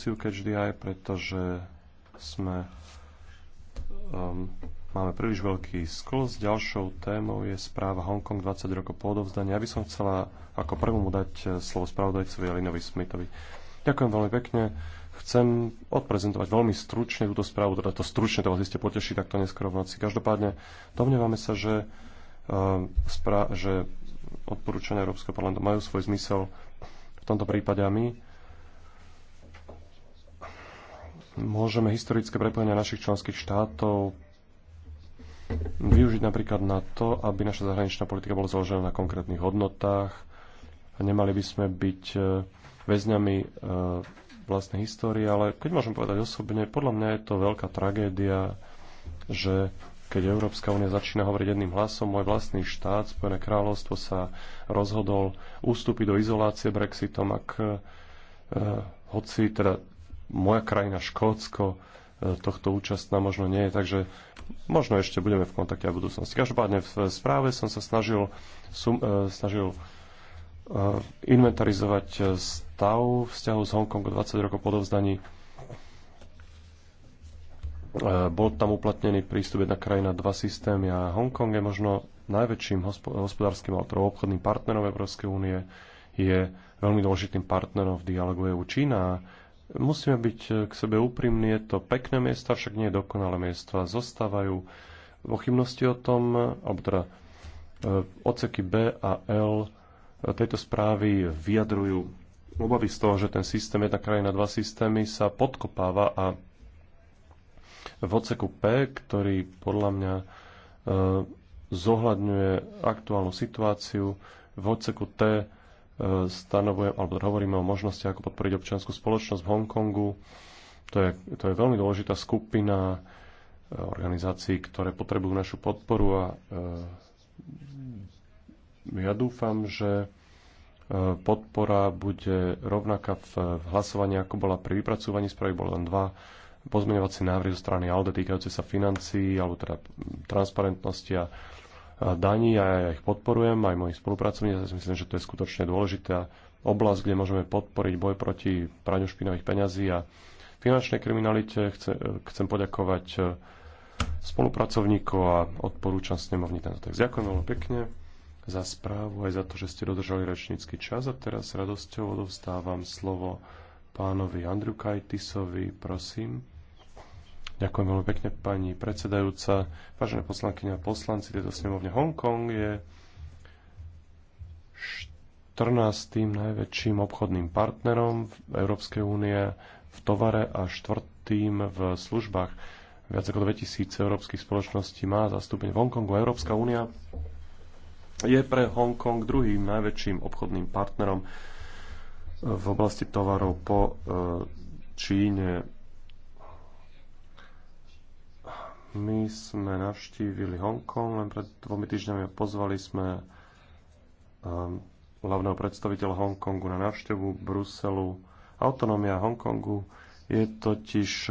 koncepciu CatchDI, pretože sme, um, máme príliš veľký skos. Ďalšou témou je správa Hongkong 20 rokov po odovzdaní. Ja by som chcela ako prvomu dať eh, slovo spravodajcovi Alinovi Smithovi. Ďakujem veľmi pekne. Chcem odprezentovať veľmi stručne túto správu, teda to stručne, to vás iste poteší takto neskoro v noci. Každopádne domnievame sa, že, uh, spra- že odporúčania Európskeho parlamentu majú svoj zmysel v tomto prípade a my môžeme historické prepojenia našich členských štátov využiť napríklad na to, aby naša zahraničná politika bola založená na konkrétnych hodnotách a nemali by sme byť e, väzňami e, vlastnej histórie, ale keď môžem povedať osobne, podľa mňa je to veľká tragédia, že keď Európska únia začína hovoriť jedným hlasom, môj vlastný štát, Spojené kráľovstvo, sa rozhodol ústupiť do izolácie Brexitom, ak eh, hoci teda moja krajina Škótsko e, tohto účastná možno nie je, takže možno ešte budeme v kontakte v budúcnosti. Každopádne v správe som sa snažil, sum, e, snažil e, inventarizovať stav vzťahu s Hongkongu 20 rokov po dovzdaní. Bol tam uplatnený prístup jedna krajina, dva systémy a Hongkong je možno najväčším hospodárskym a teda obchodným partnerom Európskej únie. Je veľmi dôležitým partnerom v dialogu EU Čína Musíme byť eh, k sebe úprimní, je to pekné miesto, však nie je dokonalé a Zostávajú pochybnosti o tom, alebo teda eh, oceky B a L eh, tejto správy vyjadrujú obavy z toho, že ten systém jedna krajina, dva systémy sa podkopáva a v oceku P, ktorý podľa mňa zohľadňuje aktuálnu situáciu, v oceku T stanovujeme, alebo hovoríme o možnosti, ako podporiť občianskú spoločnosť v Hongkongu. To je, to je veľmi dôležitá skupina e, organizácií, ktoré potrebujú našu podporu a e, ja dúfam, že e, podpora bude rovnaká v hlasovaní, ako bola pri vypracovaní správy. Bolo len dva pozmeňovacie návrhy zo strany ALDE týkajúce sa financií alebo teda transparentnosti a daní a ja ich podporujem, aj moji spolupracovníci. Ja si myslím, že to je skutočne dôležitá oblasť, kde môžeme podporiť boj proti praniu špinavých peňazí a finančnej kriminalite. Chce, chcem poďakovať e, spolupracovníkov a odporúčam snemovni tento text. Ďakujem veľmi pekne za správu aj za to, že ste dodržali rečnícky čas a teraz s radosťou odovstávam slovo pánovi Andriu Kajtisovi, prosím. Ďakujem veľmi pekne, pani predsedajúca. Vážené poslankyne a poslanci, tieto snemovne Hongkong je 14. najväčším obchodným partnerom v Európskej únie v tovare a štvrtým v službách. Viac ako 2000 európskych spoločností má zastúpenie v Hongkongu. Európska únia je pre Hongkong druhým najväčším obchodným partnerom v oblasti tovarov po e, Číne. My sme navštívili Hongkong len pred dvomi týždňami a pozvali sme um, hlavného predstaviteľa Hongkongu na návštevu Bruselu. Autonómia Hongkongu je totiž e,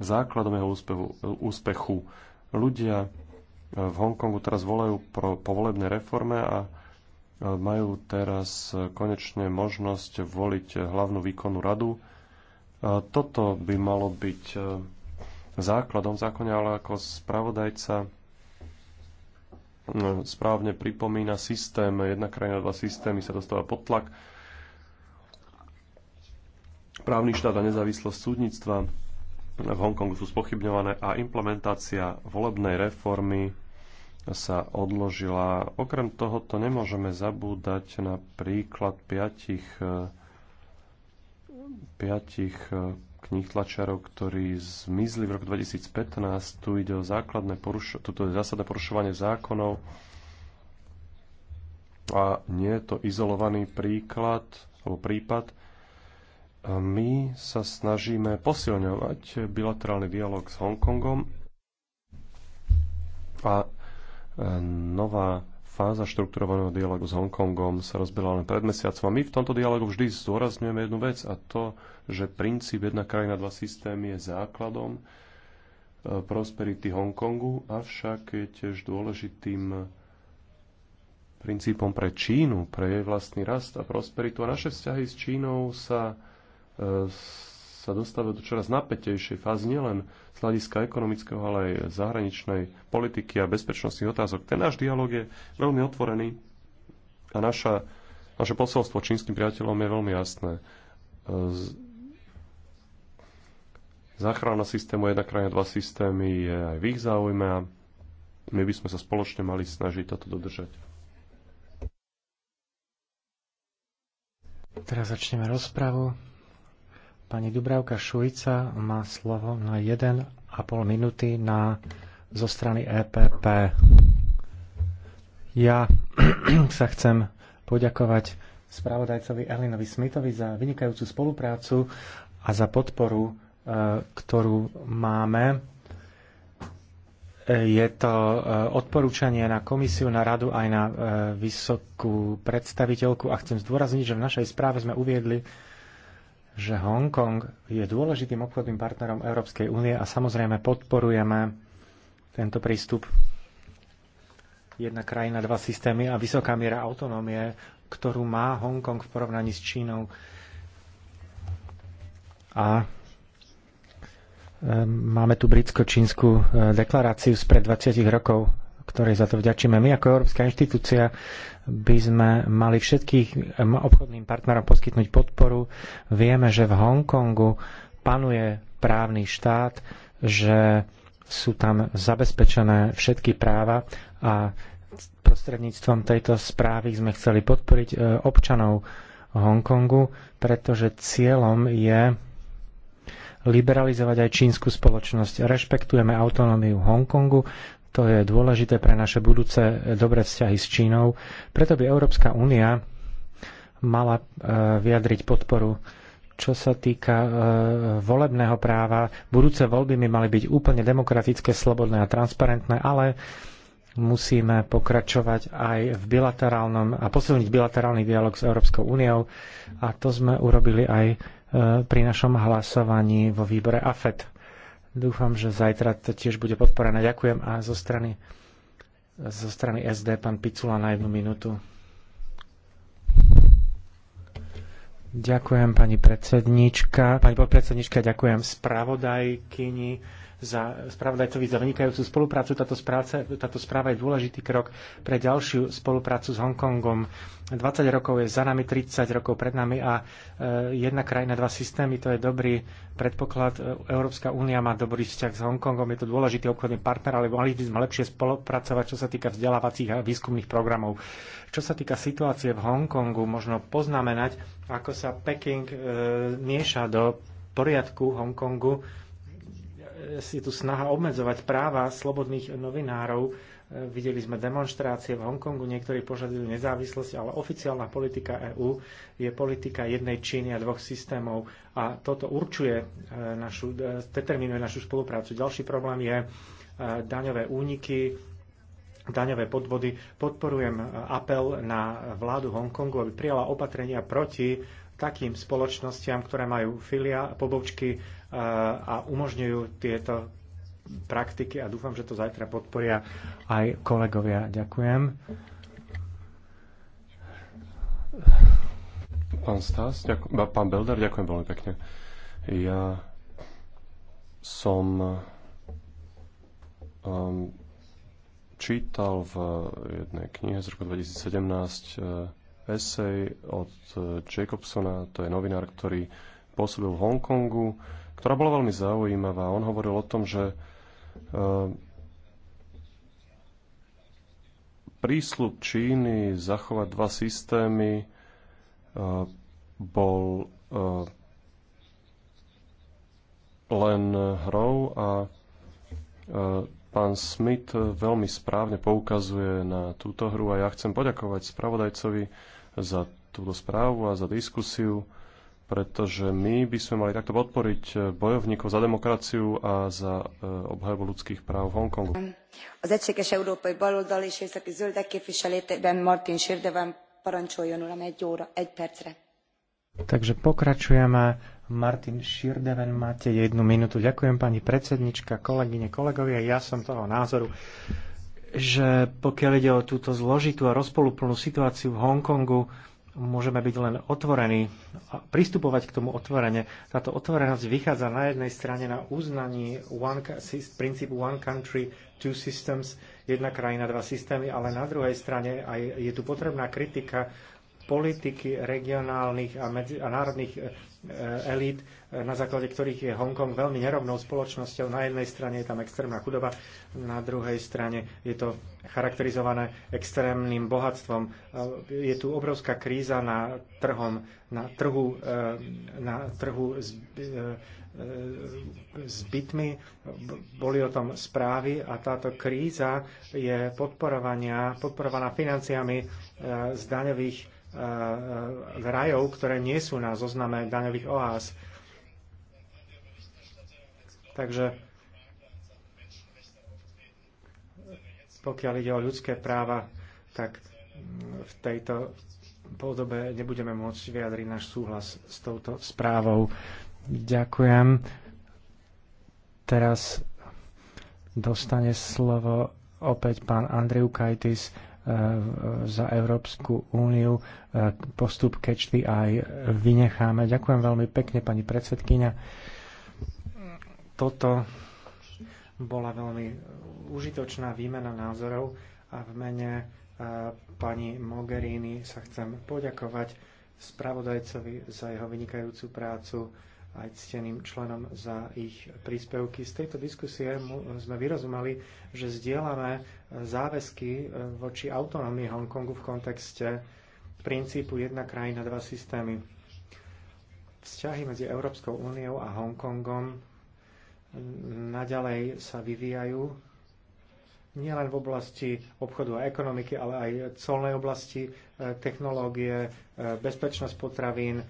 základom jeho úspechu. E, úspechu. Ľudia e, v Hongkongu teraz volajú pro povolebné reforme a majú teraz konečne možnosť voliť hlavnú výkonnú radu. Toto by malo byť základom zákona, zákone, ale ako spravodajca no, správne pripomína systém, jedna krajina, dva systémy sa dostáva pod tlak. Právny štát a nezávislosť súdnictva v Hongkongu sú spochybňované a implementácia volebnej reformy sa odložila. Okrem toho to nemôžeme zabúdať na príklad piatich, piatich kníh tlačiarov, ktorí zmizli v roku 2015. Tu ide o základné porušo- tuto je zásadné porušovanie zákonov a nie je to izolovaný príklad alebo prípad. My sa snažíme posilňovať bilaterálny dialog s Hongkongom a e, nová fáza štrukturovaného dialogu s Hongkongom sa rozbila len pred mesiacom. A my v tomto dialogu vždy zdôrazňujeme jednu vec a to, že princíp jedna krajina, dva systémy je základom e, prosperity Hongkongu, avšak je tiež dôležitým e, princípom pre Čínu, pre jej vlastný rast a prosperitu. A naše vzťahy s Čínou sa e, sa dostávajú do čoraz napätejšej fázy nielen z hľadiska ekonomického, ale aj zahraničnej politiky a bezpečnostných otázok. Ten náš dialog je veľmi otvorený a naša, naše posolstvo čínskym priateľom je veľmi jasné. Záchrana systému jedna krajina, dva systémy je aj v ich záujme a my by sme sa spoločne mali snažiť toto dodržať. Teraz začneme rozpravu. Pani Dubravka Šujca má slovo na 1,5 minúty na, zo strany EPP. Ja sa chcem poďakovať spravodajcovi Elinovi Smithovi za vynikajúcu spoluprácu a za podporu, e, ktorú máme. E, je to e, odporúčanie na komisiu, na radu aj na vysokú predstaviteľku a chcem zdôrazniť, že v našej správe sme uviedli, že Hongkong je dôležitým obchodným partnerom Európskej únie a samozrejme podporujeme tento prístup jedna krajina, dva systémy a vysoká miera autonómie, ktorú má Hongkong v porovnaní s Čínou. A e, máme tu britsko-čínsku e, deklaráciu spred 20 rokov ktorej za to vďačíme. My ako Európska inštitúcia by sme mali všetkých obchodným partnerom poskytnúť podporu. Vieme, že v Hongkongu panuje právny štát, že sú tam zabezpečené všetky práva a prostredníctvom tejto správy sme chceli podporiť e, občanov Hongkongu, pretože cieľom je liberalizovať aj čínsku spoločnosť. Rešpektujeme autonómiu Hongkongu, to je dôležité pre naše budúce dobré vzťahy s Čínou. Preto by Európska únia mala e, vyjadriť podporu čo sa týka e, volebného práva, budúce voľby by mali byť úplne demokratické, slobodné a transparentné, ale musíme pokračovať aj v bilaterálnom a posilniť bilaterálny dialog s Európskou úniou a to sme urobili aj e, pri našom hlasovaní vo výbore AFET. Dúfam, že zajtra to tiež bude podporené. Ďakujem a zo strany, zo strany SD pán Picula na jednu minútu. Ďakujem pani predsednička, pani podpredsednička, ďakujem spravodajkyni za spravodajcovi za vynikajúcu spoluprácu. Táto, spráce, táto správa je dôležitý krok pre ďalšiu spoluprácu s Hongkongom. 20 rokov je za nami, 30 rokov pred nami a e, jedna krajina, dva systémy, to je dobrý predpoklad. Európska únia má dobrý vzťah s Hongkongom, je to dôležitý obchodný partner, ale mali by sme lepšie spolupracovať, čo sa týka vzdelávacích a výskumných programov. Čo sa týka situácie v Hongkongu, možno poznamenať, ako sa Peking e, mieša do poriadku Hongkongu je tu snaha obmedzovať práva slobodných novinárov. E, videli sme demonstrácie v Hongkongu, niektorí požadujú nezávislosť, ale oficiálna politika EÚ je politika jednej Číny a dvoch systémov a toto určuje e, našu, e, determinuje našu spoluprácu. Ďalší problém je daňové úniky, daňové podvody. Podporujem apel na vládu Hongkongu, aby prijala opatrenia proti takým spoločnostiam, ktoré majú filia, pobočky e, a umožňujú tieto praktiky a dúfam, že to zajtra podporia aj kolegovia. Ďakujem. Pán Stas, ďakujem, pán Belder, ďakujem veľmi pekne. Ja som um, čítal v jednej knihe z roku 2017 uh, e, esej od e, Jacobsona, to je novinár, ktorý pôsobil v Hongkongu, ktorá bola veľmi zaujímavá. On hovoril o tom, že e, prísľub Číny zachovať dva systémy e, bol len hrou a pán Smith veľmi správne poukazuje na túto hru a ja chcem poďakovať spravodajcovi za túto správu a za diskusiu, pretože my by sme mali takto podporiť eh, bojovníkov za demokraciu a za eh, obhajobu ľudských práv v Hongkongu. Takže pokračujeme. Martin Širdeven, máte jednu minútu. Ďakujem pani predsednička, kolegyne, kolegovia. Ja som toho názoru, že pokiaľ ide o túto zložitú a rozpoluplnú situáciu v Hongkongu, môžeme byť len otvorení a pristupovať k tomu otvorene. Táto otvorenosť vychádza na jednej strane na uznaní one, princípu One Country, Two Systems, jedna krajina, dva systémy, ale na druhej strane aj je tu potrebná kritika politiky regionálnych a, medzi, a národných e, e, elít, e, na základe ktorých je Hongkong veľmi nerovnou spoločnosťou. Na jednej strane je tam extrémna chudoba, na druhej strane je to charakterizované extrémnym bohatstvom. Je tu obrovská kríza na, trhom, na trhu, na trhu s, s bytmi. Boli o tom správy a táto kríza je podporovaná financiami z daňových Eh, rajov, ktoré nie sú na zozname daňových oáz. Takže pokiaľ ide o ľudské práva, tak v tejto podobe nebudeme môcť vyjadriť náš súhlas s touto správou. Ďakujem. Teraz dostane slovo opäť pán Andriu Kajtis za Európsku úniu postup catch the eye vynecháme. Ďakujem veľmi pekne, pani predsedkynia. Toto bola veľmi užitočná výmena názorov a v mene e, pani Mogherini sa chcem poďakovať spravodajcovi za jeho vynikajúcu prácu aj cteným členom za ich príspevky. Z tejto diskusie sme vyrozumeli, že zdieľame e, záväzky e, voči autonómii Hongkongu v kontexte princípu jedna krajina, dva systémy. Vzťahy medzi Európskou úniou a Hongkongom naďalej sa vyvíjajú nielen v oblasti obchodu a ekonomiky, ale aj colnej oblasti, e, technológie, e, bezpečnosť potravín, e,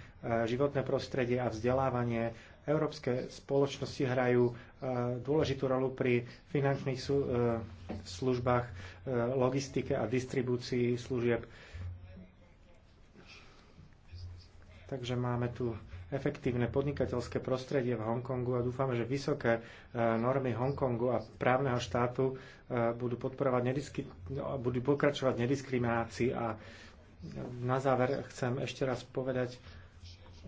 životné prostredie a vzdelávanie. Európske spoločnosti hrajú dôležitú rolu pri finančných službách, logistike a distribúcii služieb. Takže máme tu efektívne podnikateľské prostredie v Hongkongu a dúfame, že vysoké e, normy Hongkongu a právneho štátu e, budú, podporovať nediskri- no, budú pokračovať v nediskriminácii a na záver chcem ešte raz povedať,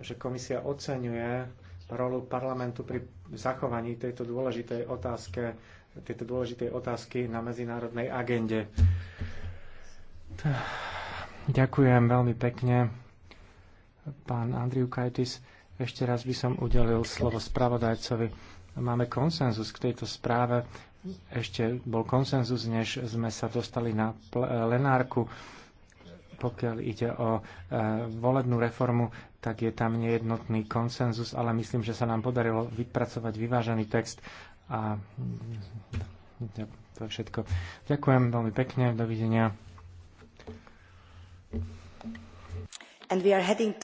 že komisia oceňuje rolu parlamentu pri zachovaní tejto dôležitej otázke, tejto dôležitej otázky na medzinárodnej agende. Ďakujem veľmi pekne. Pán Andriu Kajtis, ešte raz by som udelil slovo spravodajcovi. Máme konsenzus k tejto správe. Ešte bol konsenzus, než sme sa dostali na plenárku. Pokiaľ ide o e, volebnú reformu, tak je tam nejednotný konsenzus, ale myslím, že sa nám podarilo vypracovať vyvážený text a to je všetko. Ďakujem veľmi pekne, dovidenia. And we are heading